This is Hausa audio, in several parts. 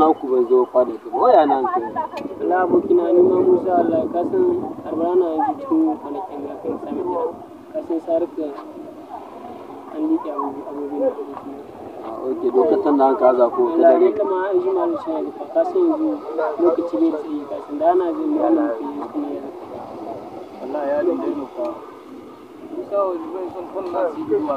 na ku ban zo kwa da ku waya na kai wala kina ni ma Musa Allah ka san arbana ku kana kin ga kai sami kira ka san sarka an yi ta kyawu abubuwan da ke ah, ok lokacin da ka za ku ta dare kuma an ji ma shi ne ka san yanzu lokaci ne tsayi ka san da ana jin mu ana fi ne wallahi ya dinde ni ka Musa wajibai sun kunna su yi ma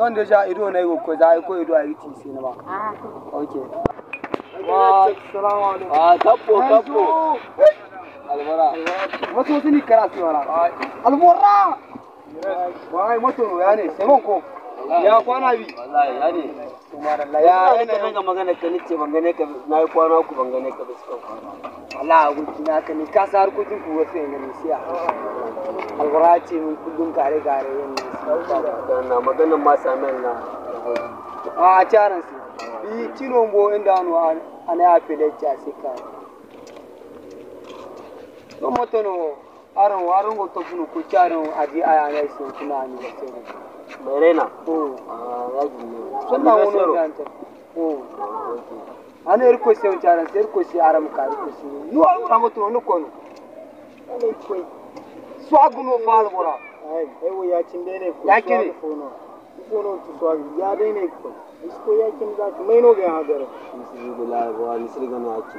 son da ja ido na ko za a ko ido a yi tisi na ba ah. wa salamu alaikum ah, tabbo tabbo almora wasu ni kara su almora wai mato ya ne ko ya kwana bi wallahi ya ne ya ina ka ga magana ka nace ban gane ka na yi kwana ku ban gane ka ba suka kwana Allah ku kina ka ni ka sa harkokin ku wasu ne gaskiya alwarati mun kullun kare kare yan da na magana ma samin na a a charan su bi tino bo inda no ana ya fele cha sika no motono aron waron go to funu ko charon aji aya na so kuma ni da sai berena o ya yaji ne sunna wani ganta o hmm. ana er ko sai charon sai ko sai aram ka ko sai no ramoto no kono ale ko swagu no fa da bora ai ewo ya cinde ne ko ya kire kono to swagu ya dai ne ko isko ya kin za mai no ga hadara misri bilal wa misri gano aci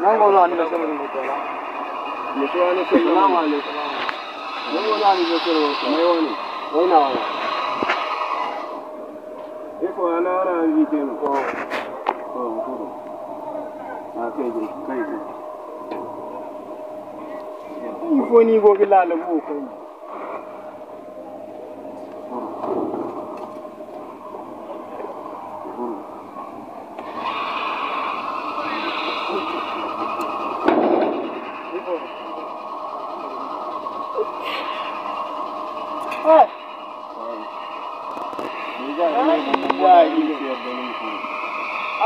Nangolo animasyonu mkutana. Mwisho animasyonu mama ali. Nangolo animasyonu mayoni. Waina wana. Ifo ana wana vitenu kwa kwa mkuru. Na keje keje. Ifo ni go kilala mu kwa.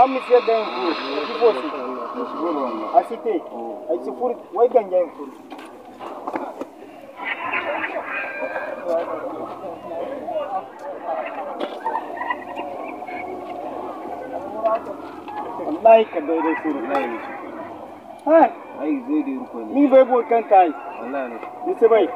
Amisia dengu, kifosi. Asite, asifuri, weka njengu. Wallahi ka daidai furu na yi. Hai. ai zai da rukuni ni bai bo kan tai wallahi ni sai bai